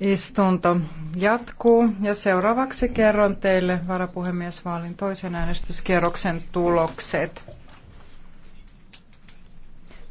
Istunto jatkuu ja seuraavaksi kerron teille varapuhemiesvaalin toisen äänestyskierroksen tulokset.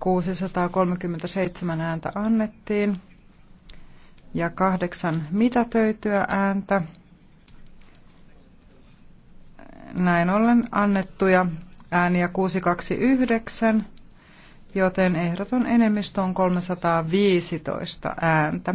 637 ääntä annettiin ja kahdeksan mitätöityä ääntä. Näin ollen annettuja ääniä 629, joten ehdoton enemmistö on 315 ääntä.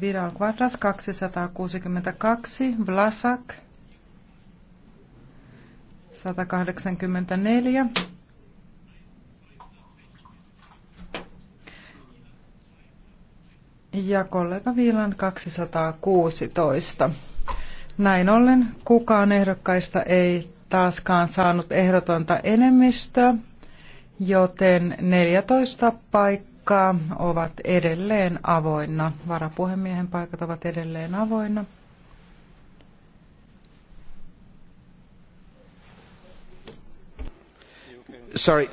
Viral Quadras 262, Vlasak 184, ja kollega Viilan 216. Näin ollen kukaan ehdokkaista ei taaskaan saanut ehdotonta enemmistöä, joten 14 paikkaa aikaa ovat edelleen avoinna. Varapuhemiehen paikat ovat edelleen avoinna. Sorry.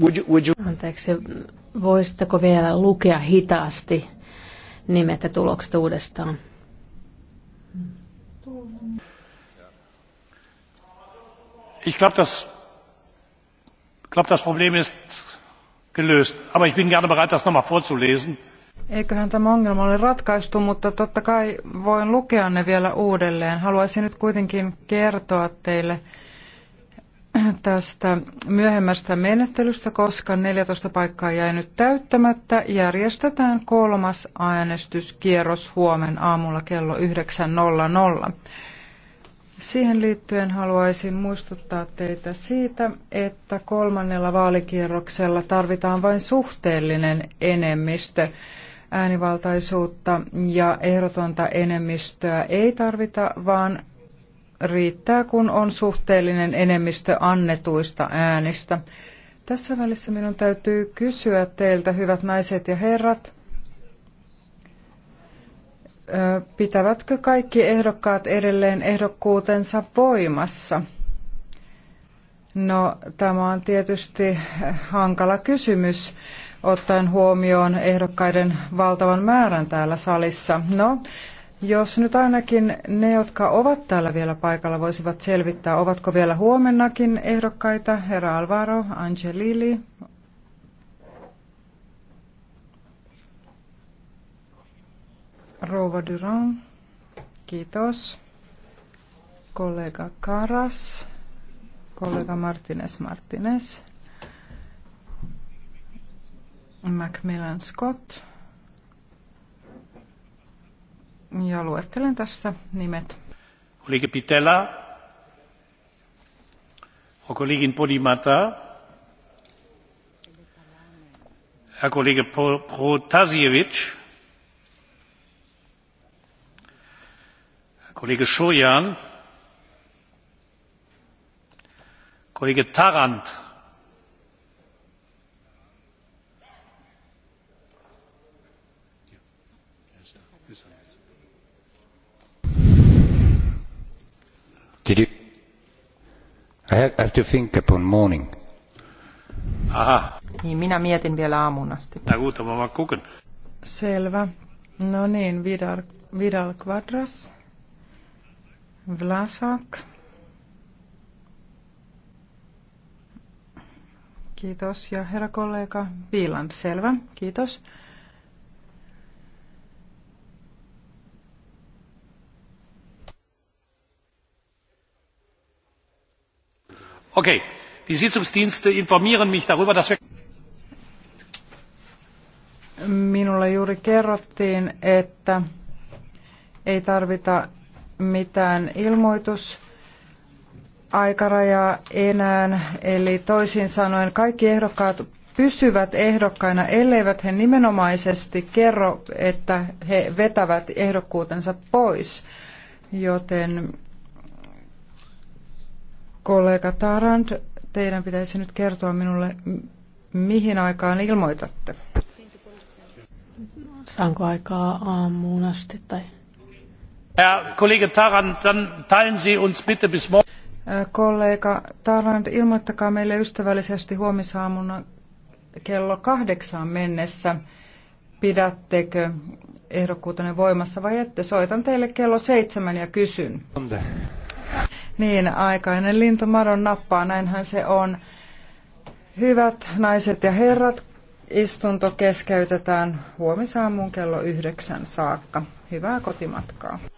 Would you, would you... Anteeksi, voisitteko vielä lukea hitaasti nimet ja tulokset uudestaan? Ich glaube, das, glaub, das Problem ist gelöst. Aber ich bin gerne bereit, das nochmal vorzulesen. Eiköhän tämä ongelma ole ratkaistu, mutta totta kai voin lukea ne vielä uudelleen. Haluaisin nyt kuitenkin kertoa teille tästä myöhemmästä menettelystä, koska 14 paikkaa jäi nyt täyttämättä. Järjestetään kolmas äänestyskierros huomen aamulla kello 9.00. Siihen liittyen haluaisin muistuttaa teitä siitä, että kolmannella vaalikierroksella tarvitaan vain suhteellinen enemmistö äänivaltaisuutta ja ehdotonta enemmistöä ei tarvita, vaan riittää, kun on suhteellinen enemmistö annetuista äänistä. Tässä välissä minun täytyy kysyä teiltä, hyvät naiset ja herrat, pitävätkö kaikki ehdokkaat edelleen ehdokkuutensa voimassa? No, tämä on tietysti hankala kysymys ottaen huomioon ehdokkaiden valtavan määrän täällä salissa. No, jos nyt ainakin ne, jotka ovat täällä vielä paikalla, voisivat selvittää, ovatko vielä huomennakin ehdokkaita, herra Alvaro, Angelili, Rouva Duran, kiitos. Kollega Karas, kollega Martinez Martinez, Macmillan Scott. Ja luettelen tässä nimet. Kollega Pitella, Frau Kollegin Podimata, Herr Kollege Protasiewicz, kollege surjn kollege tarand Did you? I have, to think upon morning. Aha. Niin, minä mietin vielä aamuun asti. na gut aber mal gucken Selvä. No niin, Vidal, Vidal Quadras. Vlasak. Kiitos. Ja herra kollega Viiland, selvä. Kiitos. Okay. Die Sitzungsdienste informieren mich darüber, dass wir Minulle juuri kerrottiin, että ei tarvita mitään ilmoitus aikarajaa enää, eli toisin sanoen kaikki ehdokkaat pysyvät ehdokkaina, elleivät he nimenomaisesti kerro, että he vetävät ehdokkuutensa pois. Joten kollega Tarand, teidän pitäisi nyt kertoa minulle, mihin aikaan ilmoitatte. Saanko aikaa aamuun asti tai Herr Kollege Tarand, dann teilen Sie uns bitte bis morgen. Äh, kollega Tarand, ilmoittakaa meille ystävällisesti huomisaamuna kello kahdeksaan mennessä, pidättekö ehdokkuutenne voimassa vai ette. Soitan teille kello seitsemän ja kysyn. Onde. Niin, aikainen lintu madon nappaa, näinhän se on. Hyvät naiset ja herrat, istunto keskeytetään huomisaamuun kello yhdeksän saakka. Hyvää kotimatkaa.